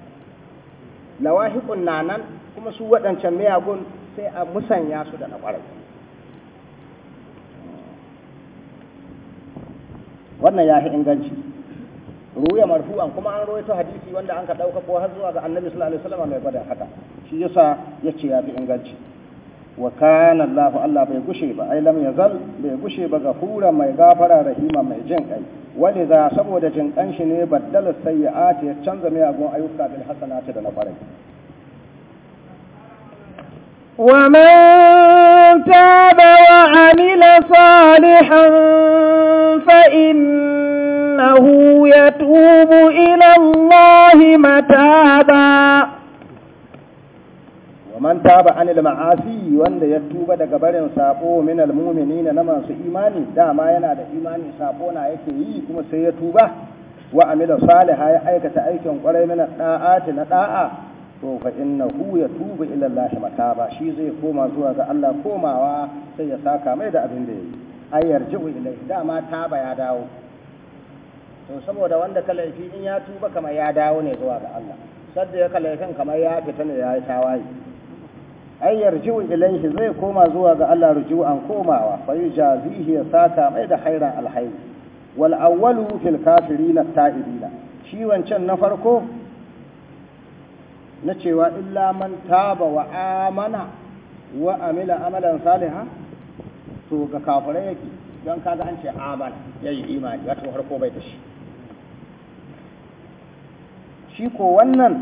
lawahikun na nan kuma su waɗancan miyagun sai a musanya su da na ƙwarai wannan ya fi inganci ruya marfu'an kuma an ta hadisi wanda an ka ɗauka ko har zuwa ga annabi sallallahu alaihi wasallam mai gwada haka shi yasa yace ya fi inganci wa kana Allah Allah bai gushe ba ai lam yazal bai gushe ba gafura mai gafara rahima mai jin kai wani za saboda jin kan shi ne baddala sai ya canza miyagun ayyuka hasana ta da na farai ومن تاب وعمل صالحا فإنه يتوب إلى الله متابا man taba anil ma'asi wanda ya tuba daga barin sabo min almu'minina na masu imani dama yana da imani sako na yake yi kuma sai ya tuba wa amila saliha ya aikata aikin kwarai min da'ati na da'a to fa innahu yatubu ila Allah mataba shi zai koma zuwa ga Allah komawa sai ya saka mai da abin da yayi ai yarji'u ilayhi dama taba ya dawo to saboda wanda ka laifi in ya tuba kamar ya dawo ne zuwa ga Allah sadda ya ka laifin kamar ya fita ne ya yi tawaye ay yarji'u ilayhi zai koma zuwa ga Allah an komawa fa yujazihi ya saka mai da khairan alhayy wal awwalu fil kafirin ta'ibina shi wancan na farko na cewa illa man taba wa amana wa amila amalan salihan to ga kafirai yake don kaga an ce amana yayi imani wato farko bai da shi shi ko wannan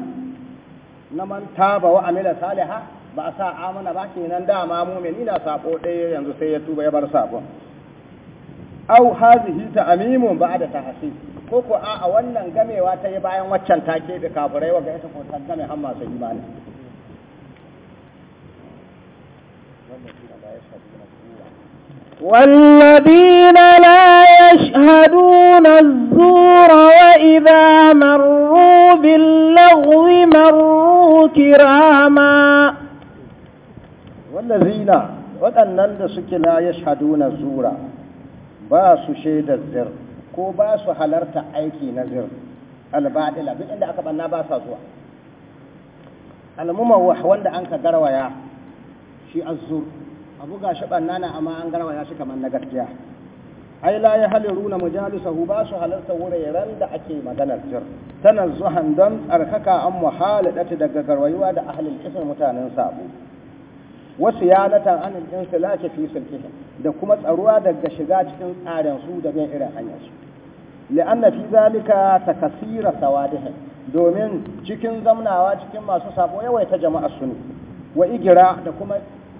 na man taba wa amila salihan ba a sa amana ba kenan dama mumin ina sabo ɗaya yanzu sai ya tuba ya bar sabon au hazihi da ta tahsin ko ko a wannan gamewa ta yi bayan waccan take da kafirai wa ga ita ko ta game har masu imani والذين لا يشهدون الزور وإذا مروا باللغو مروا كراما zina waɗannan da suke la na zura ba su shaidar zir ko ba su halarta aiki na zir alba'adila duk inda aka banna ba sa zuwa almumawah wanda an ka garwaya shi azzur abu ga shi banna na amma an garwaya shi kamar na gaskiya ai la ya haliru na mujalisahu ba su halarta wuraren da ake maganar zir tana zuhan don tsarkaka an muhaladata daga garwayuwa da ahlul kisar mutanen sabo wasu ya ɗin su lake fi sulkihim da kuma tsaruwa daga shiga cikin tsarin su da bin irin hanyar su na fi zalika ta kasira sawadihim domin cikin zamnawa cikin masu sako yawaita jama'a su ne wa igira da kuma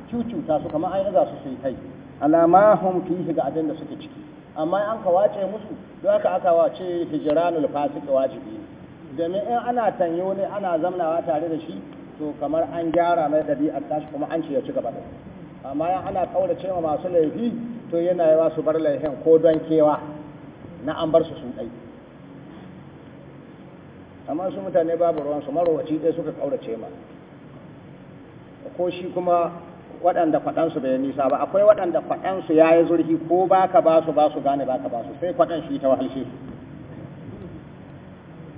cucuta su kamar ainihin za su su yi kai alama hum fihi ga abin da suke ciki amma an kawace musu don aka aka wace hijiranul fasik wajibi domin in ana tanyo ne ana zamnawa tare da shi to kamar an gyara mai a tashi kuma an ce ya ci gaba da amma yan ana kaurace ma masu laifi to yana yawa su bar laifin ko don kewa na an bar su sun ɗai amma su mutane babu ruwan su marowaci ɗaya suka kaurace ma ko shi kuma waɗanda kwaɗansu bai nisa ba akwai waɗanda kwaɗansu ya yi zurfi ko ba ka ba su ba su gane ba ka ba su sai kwaɗan shi ta wahalshe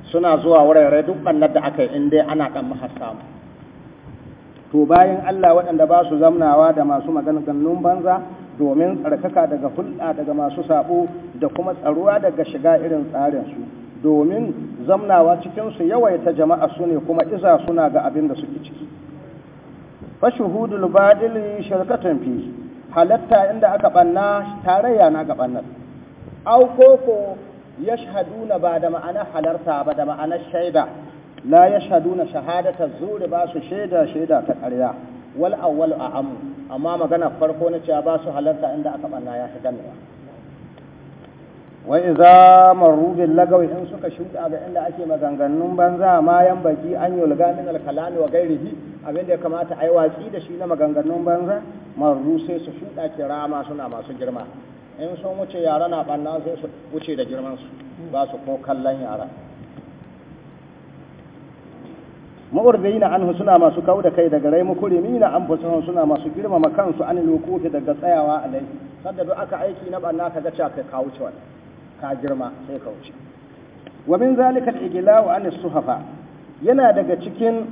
suna zuwa wurare duk ɓannar da aka yi in dai ana ɗan mahar to bayan Allah waɗanda ba su zamnawa da masu maganganun banza domin tsarkaka daga hulɗa daga masu saɓo da kuma tsaruwa daga shiga irin tsarinsu domin zamnawa cikinsu yawaita jama'a su ne kuma iza suna ga abin da suke ciki Fashi fashuhudul badili shirkatun fi halatta inda aka ɓanna tarayya na ga bannar au koko yashhaduna ba da ma'anar halarta ba da ma'anar shaida la yashhaduna shahadata zuri ba su shaida shaida ta karya wal awwal amu amma magana farko na cewa ba su halarta inda aka banna ya fi ne wa iza marru bil lagawi in suka shuɗa ga inda ake maganganun banza ma yan baki an yi min al kalami wa abin abinda ya kamata ai watsi da shi na maganganun banza marru sai su shuda kirama suna masu girma in sun wuce yara na banna sai su wuce da girman su ba su ko kallon yara mu'urdina anhu suna masu kauda kai daga rai an anfusuhum suna masu girmama kansu an lukufi daga tsayawa alai sadda duk aka aiki na banna ka kai ka kawo ciwon ka girma sai ka wuce wa min zalika al-iglaw an suhafa yana daga cikin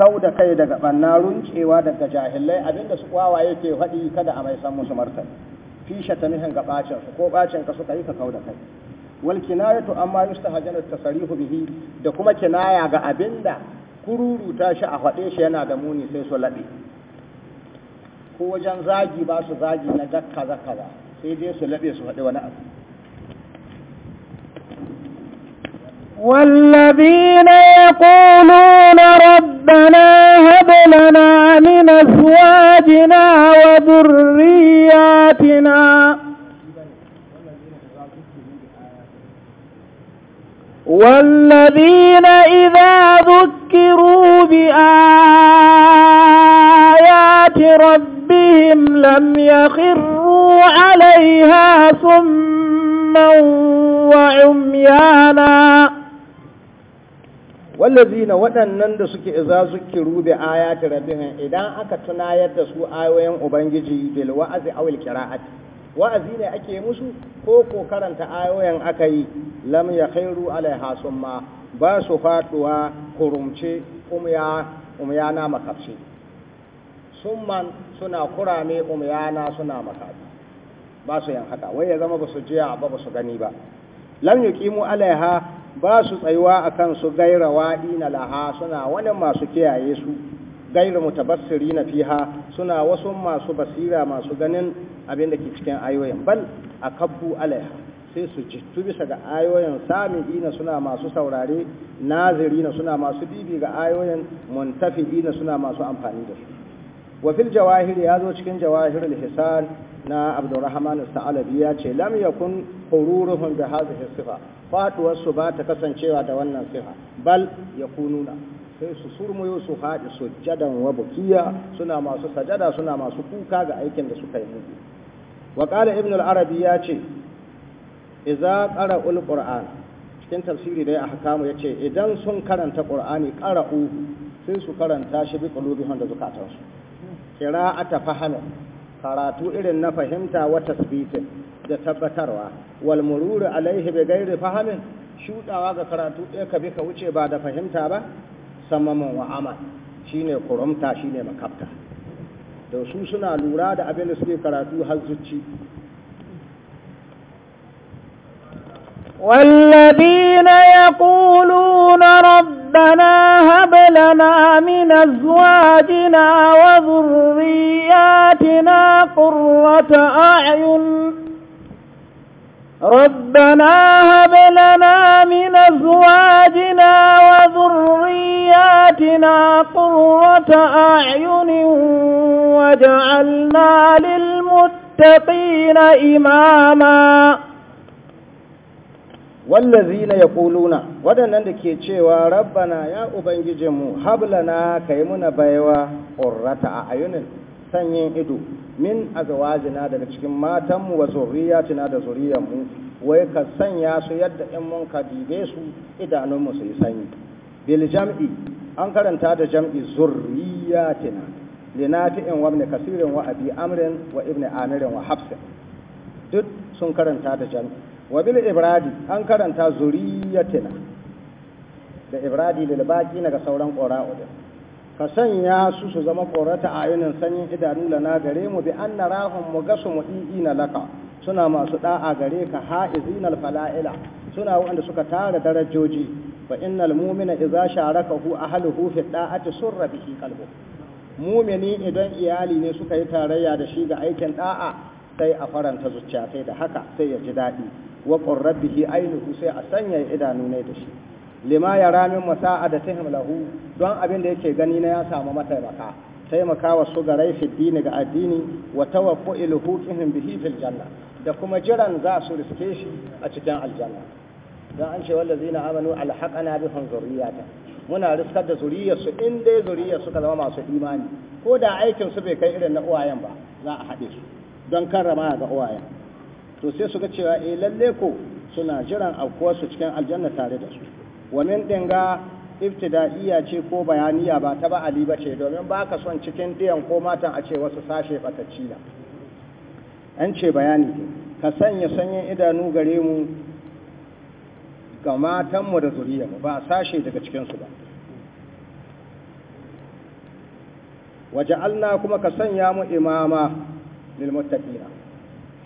kauda kai daga banna runcewa daga jahilai abinda su kwawa yake haɗi kada a mai san musu martani fi shatamihin ga bacin su ko bacin ka suka yi ka kauda kai wal kinayatu amma yustahajanu tasarihu bihi da kuma kinaya ga abinda kururuta shi a faɗe shi yana da muni sai su laɓe ko wajen zagi ba su zagi na zakka zakka ba sai dai su laɓe su faɗi wani abu والذين يقولون ربنا هب لنا من أزواجنا وذرياتنا والذين إذا ذكروا بآيات ربهم لم يخروا عليها صما وعميانا wallazina waɗannan da suke iza zukiru bi ayati rabbihim idan aka tunayar da su ayoyin ubangiji bil wa'azi aw al qira'ati wa'azi ne ake musu ko ko karanta ayoyin aka yi lam ya khairu alaiha summa ba su faduwa kurumce umya umyana makafshi summan suna kurame umyana suna makafi ba su yin haka wai ya zama ba su jiya ba ba su gani ba lam kimu alaiha ba su tsayuwa kan su gaira na laha suna wani masu kiyaye su gairu mutabassiri na fiha suna wasu masu basira masu ganin abin da ke cikin ayoyin bal a kabbu alaiha sai su jittu bisa ga ayoyin sami sami'ina suna masu saurare na suna masu bibi ga ayoyin muntafi'ina suna masu amfani da su wafil jawahir ya zo cikin jawahir hisan na abdurrahman sa'alabi ya ce lam yakun hururuhum bi hadhihi sifa faduwar su ba ta kasancewa da wannan sifa bal ya kununa sai su surmuyo su haɗi sujjadan wa bukiya suna masu sajada suna masu kuka ga aikin da suka yi mutu wa qala ibn al-arabi ya ce idza qara'ul qur'an cikin tafsiri da ya ahkamu ya ce idan sun karanta qur'ani qara'u sai su karanta shi bi qulubihim da zukatansu ata fahamin karatu irin na fahimta wa tasbitin da tabbatarwa wal mururu alaihi bi ghairi fahamin shudawa ga karatu ɗaya ka bi ka wuce ba da fahimta ba samaman wa shine kurumta shine makabta. da su suna lura da abin da suke karatu har zuci والذين يقولون ربنا هب لنا من أزواجنا وذرياتنا قرة أعين ربنا هب لنا من أزواجنا وذرياتنا قرة أعين واجعلنا imama. إماما wallazina yaquluna wadannan da ke cewa rabbana ya Habla na kai muna baiwa qurrata a ayunin sanyin ido min azwajina daga cikin matanmu wa zuriyatina da zuriyarmu wai ka sanya su yadda in mun ka dibe su idanunmu su yi sanyi bil jam'i an karanta da jam'i zurriyatina linafi'in wa ibn kasirin wa abi amrin wa ibn amirin wa hafsin duk sun karanta da jam'i wa bil ibradi an karanta zuriyatina da ibradi lil baqi na ga sauran qura'u ka sanya su su zama korata a yanin sanyin idanu da na gare mu bi an rahun mu gasu mu na laka suna masu da'a gare ka zinal fala'ila suna wanda suka tara darajoji fa innal mu'mina idza sharakahu ahluhu fi da'ati surra bihi qalbu mu'mini idan iyali ne suka yi tarayya da shi ga aikin da'a sai a faranta zuciya sai da haka sai ya ji dadi wa qurrabihi ainuhu sai a sanya idanu ne da shi lima ya ramin masa'a da ta lahu don abin da yake gani na ya samu mataimaka taimakawa su ga rai dini ga addini wa tawaffu ilhuqihim bihi fil janna da kuma jiran za su riske shi a cikin aljanna don an ce wallazina amanu alhaqana bihum zurriyata muna riskar da su in dai zuriyar suka zama masu imani ko da aikinsu bai kai irin na uwayen ba za a haɗe su don karrama ga uwayen to sai su ga cewa eh lalle ko suna jiran aukuwar su cikin aljanna tare da su wamin ɗin ga ibtida'iyya ce ko bayaniya ba ta ba Ali ba ce domin ba ka son cikin ɗiyan ko matan a ce wasu sashe batacci na an ce bayani ka sanya sanyin idanu gare mu ga matanmu da zuriyarmu ba sashe daga cikinsu ba waje alna kuma ka sanya mu imama lilmuttaqina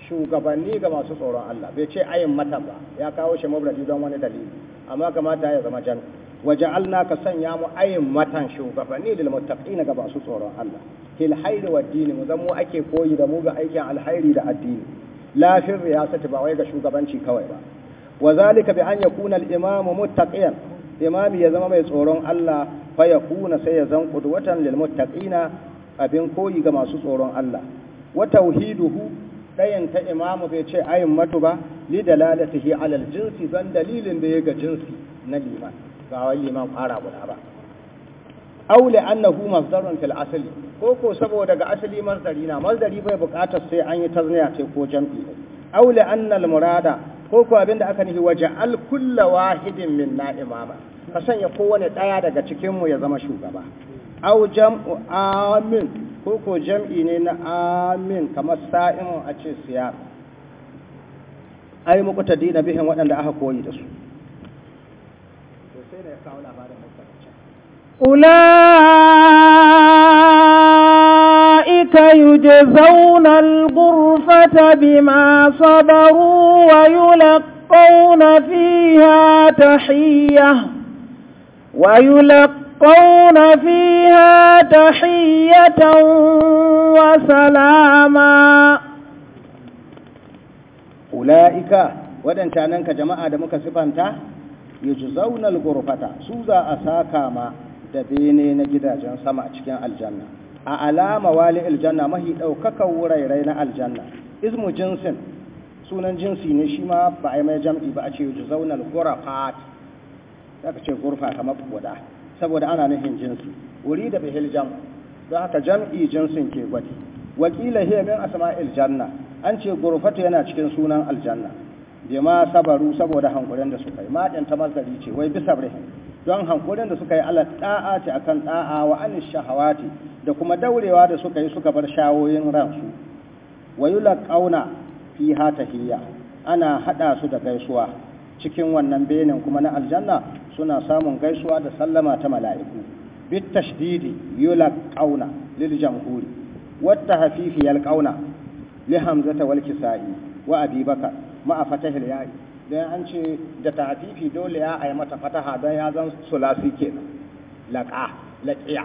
shugabanni ga masu tsoron Allah bai ce ayin mata ba ya kawo shi mabradi don wani dalili amma kamata ya zama jan waje allah ka sanya mu ayin matan shugabanni lil muttaqina ga basu tsoron Allah fil wa dini mu zamo ake koyi da mu ga aikin alhairi da addini la riyasati ba wai ga shugabanci kawai ba wa zalika bi an yakuna al imamu muttaqiyan imami ya zama mai tsoron Allah fa yakuna sai ya zan qudwatan lil muttaqina abin koyi ga masu tsoron Allah wa tauhiduhu dayan ta imamu bai ce ayin matu ba li dalalatihi alal jinsi ban dalilin da ya ga jinsi na liman ba wai liman fara guda ba aw li annahu masdarun fil asli ko ko saboda ga asali masdari na masdari bai bukatar sai an yi tazniya ce ko jam'i aw li anna murada ko ko abinda aka nihi waje al kullu wahidin na imama ka sanya kowane daya daga cikin mu ya zama shugaba aw jam'u amin ko ko jam'i ne na amin kamar sa'in a ce siyar ai muqtadi na bihin waɗanda aka koyi da su أولئك يجزون الغرفة بما صبروا ويلقون فيها تحية ويلقون فيها تحية وسلاما ula'ika waɗanta nan ka jama'a da muka sifanta yujzauna zaunar ghurfata su za a saka ma da bene na gidajen sama a cikin aljanna a alama wali aljanna mahi daukakan wurairai na aljanna ismu jinsin sunan jinsi ne shi ma ba a yi mai jam'i ba a ce yujzauna al-ghurfat zaka ce gurfa kamar guda saboda ana nufin jinsi wuri da bihil jam don haka jam'i jinsin ke gwadi wakila hiya min asma'il janna an ce gurfatu yana cikin sunan aljanna ma sabaru saboda hankurin da suka yi ma dan ta mazari ce wai bi sabrihim don hankurin da suka yi ala ta'a ce akan ta'a wa an shahawati da kuma daurewa da suka yi suka bar shawoyin ransu wa yulqauna fiha ana hada su da gaisuwa cikin wannan benin kuma na aljanna suna samun gaisuwa da sallama ta mala'iku bit tashdidi yulaqauna lil jamhuri wata hafifi yalƙauna li hamzata walki sa'i wa abi bakar ma'a fatahil ya'i don an ce da ta hafifi dole ya a yi mata fataha don ya zan sulasi kenan laƙa laƙiya.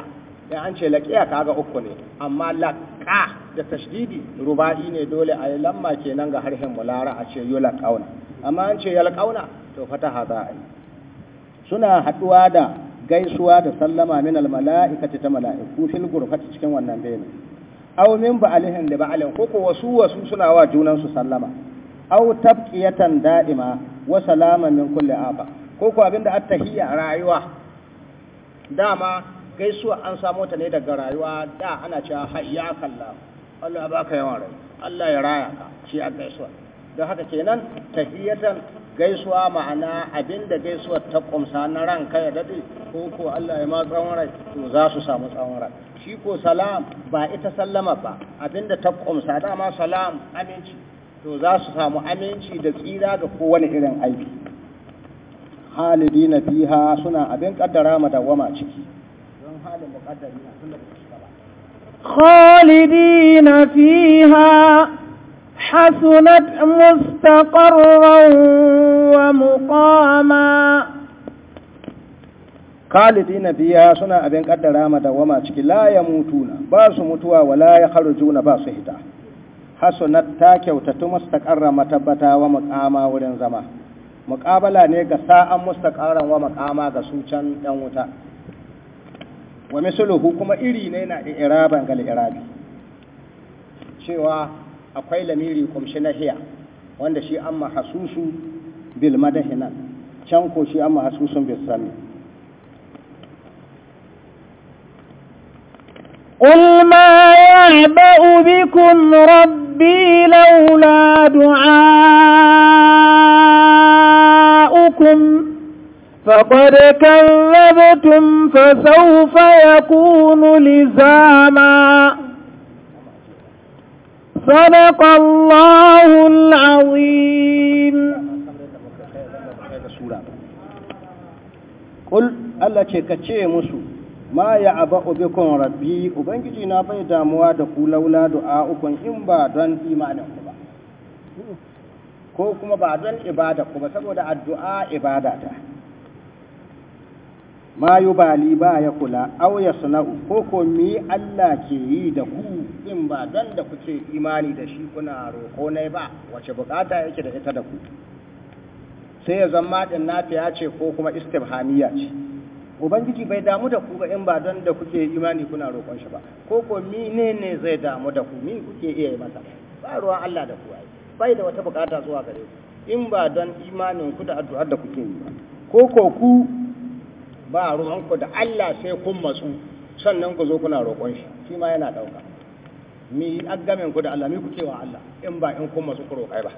don an ce ka kaga uku ne amma laƙa da tashdidi ruba'i ne dole a yi lamma ke nan ga harshen mulara a ce yulqauna amma an ce to fataha za a yi suna haɗuwa da gaisuwa da sallama min al mala'ikati ta mala'iku fil gurfata cikin wannan bene aw min ba'alihin da ba'alin ko ko wasu wasu suna wa junan su sallama aw tabqiyatan da'ima wa salama min kulli aba ko ko abinda attahiyya rayuwa dama gaisuwa an samo ta ne daga rayuwa da ana cewa hayyaka Allah Allah baka yawan rai Allah ya raya ka shi a gaisuwa don haka kenan tahiyatan gaisuwa ma'ana abinda gaisuwa ta kumsa na ranka ya dade ko ko Allah ya ma tsawon rai to za su samu tsawon rai shi ko salam ba ita sallama ba abinda ta kumsa dama salam aminci to za su samu aminci da tsira ga kowane irin aiki halidina fiha suna abin kaddara wama ciki don halin muqaddari na tun da Fiha فيها حسنت مستقرا ومقاما na biya suna abin kaddara ma ciki la ya mutuna ba su mutuwa wala ya kharujuna ba su hita hasunat ta kyauta tu mustaqarra matabbata wa muqama wurin zama muqabala ne ga sa'an mustaqarran wa muqama ga su can wuta wa misluhu kuma iri ne na i'raban gal i'rabi cewa akwai lamiri kumshi na hiya wanda shi amma hasusu bil madahina can ko shi amma hasusun bil sami قل ما يعبأ بكم ربي لولا دعاؤكم فقد كذبتم فسوف يكون لزاما صدق الله العظيم قل ألا ce ka ma ya aba bikum rabbi ubangiji na bai damuwa da ku laula du'a ukun in ba don imanin ku ba ko kuma ba don ibada ku ba saboda addu'a ibada ta ma bali ba ya kula aw ya ko ko mi Allah ke yi da ku in ba don da kuke imani da shi kuna roko ne ba wace bukata yake da ita da ku sai ya zama din nafiya ce ko kuma istifhamiya ce ubangiji bai damu da ku ba in ba don da kuke imani kuna roƙon shi ba ko ko mine ne zai damu da ku min kuke iya yi masa ba ruwa Allah da kuwa yi, bai da wata bukata zuwa gare ku in ba don imanin ku da addu'ar da kuke yi ba ko ko ku ba ruwan ku da Allah sai kun matsu sannan ku zo kuna roƙon shi shi ma yana ɗauka mi aggamen ku da Allah mi kuke wa Allah in ba in kun matsu ku roƙai ba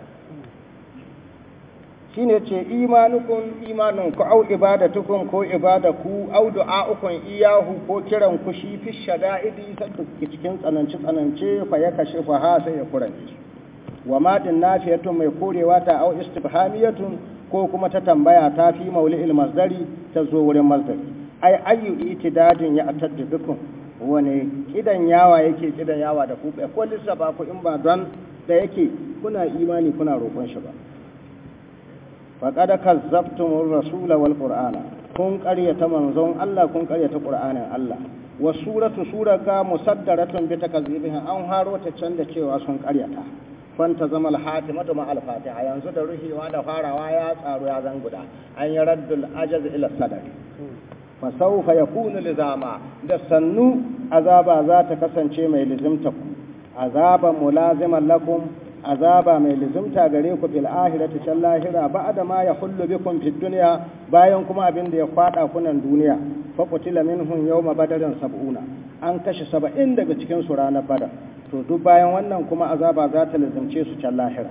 shine ce imanukun imanin ku au ibadatukun ko ibadaku au du'a'ukun iyahu ko kiran ku shi fi shada'idi sattu cikin tsananci tsananci fa ya kashe fa ha sai ya kurance wa din nafiyatun mai korewa ta au istifhamiyatun ko kuma ta tambaya ta fi mauli'il masdari ta zo wurin masdari ai ayu itidadin ya atadda dukun wani kidan yawa yake kidan yawa da ku ko lissafa ku in ba don da yake kuna imani kuna roƙon shi ba faqad kazzabtumur rasula wal ƙurana kun ƙaryata manzon Allah kun ƙaryata ƙur'anin Allah wa suratu suraka musaddaratun bi takazzibiha an haro ta can da cewa sun ƙaryata fanta zama al mata ma al yanzu da ruhewa da farawa ya tsaro ya zan guda an yi raddul ajaz ila sadar fa ya yakunu lizama da sannu azaba za ta kasance mai lizimta ku azaban mulaziman lakum azaba mai lizumta gare ku fil ahirati can lahira ba'da ma ya hullu bikum fid dunya bayan kuma abin da ya fada kunan duniya fa qutila minhum yawma badarin sab'una an kashe 70 daga cikin su ranar badar to duk bayan wannan kuma azaba za ta lizumce su can lahira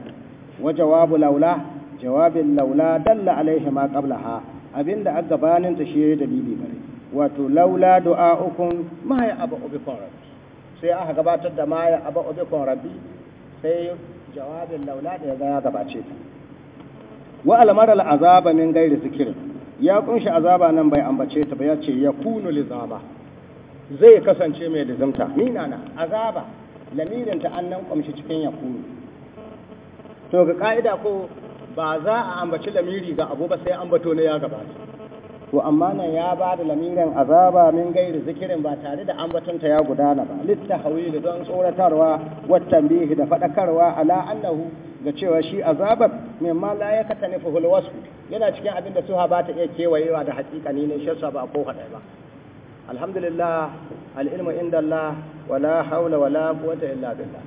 wa jawabu laula jawabin laula dalla alaihi ma qablaha abinda a gabanin ta shi dalili bare wato laula du'a'ukum ma ya abu bikum sai aka gabatar da ma ya abu bikum sai jawabin laula da ya ya gabace ta wa almar azaba min gairi zikir ya kunshi azaba nan bai ambace ta ba ya ce ya kunu zai kasance mai lizamta Ni na azaba lamirin ta annan nan kwamshi cikin ya kunu to ga ka'ida ko ba za a ambaci lamiri ga abu ba sai ambato na ya gabata to amma nan ya ba da lamiran azaba min gairi zikirin ba tare da ambatonta ya gudana ba Litta, da don tsoratarwa wattan bihi da fadakarwa ala annahu ga cewa shi azabar ma la ya katane fuhul wasu yana cikin abin da suha ba ta iya kewayewa da hakikani ne shassa ba ko hada ba alhamdulillah al'ilmu inda Allah wala haula wala quwwata illa billah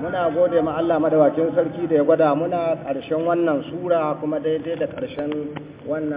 muna gode ma Allah madawakin sarki da ya gwada muna ƙarshen wannan sura kuma daidai da ƙarshen wannan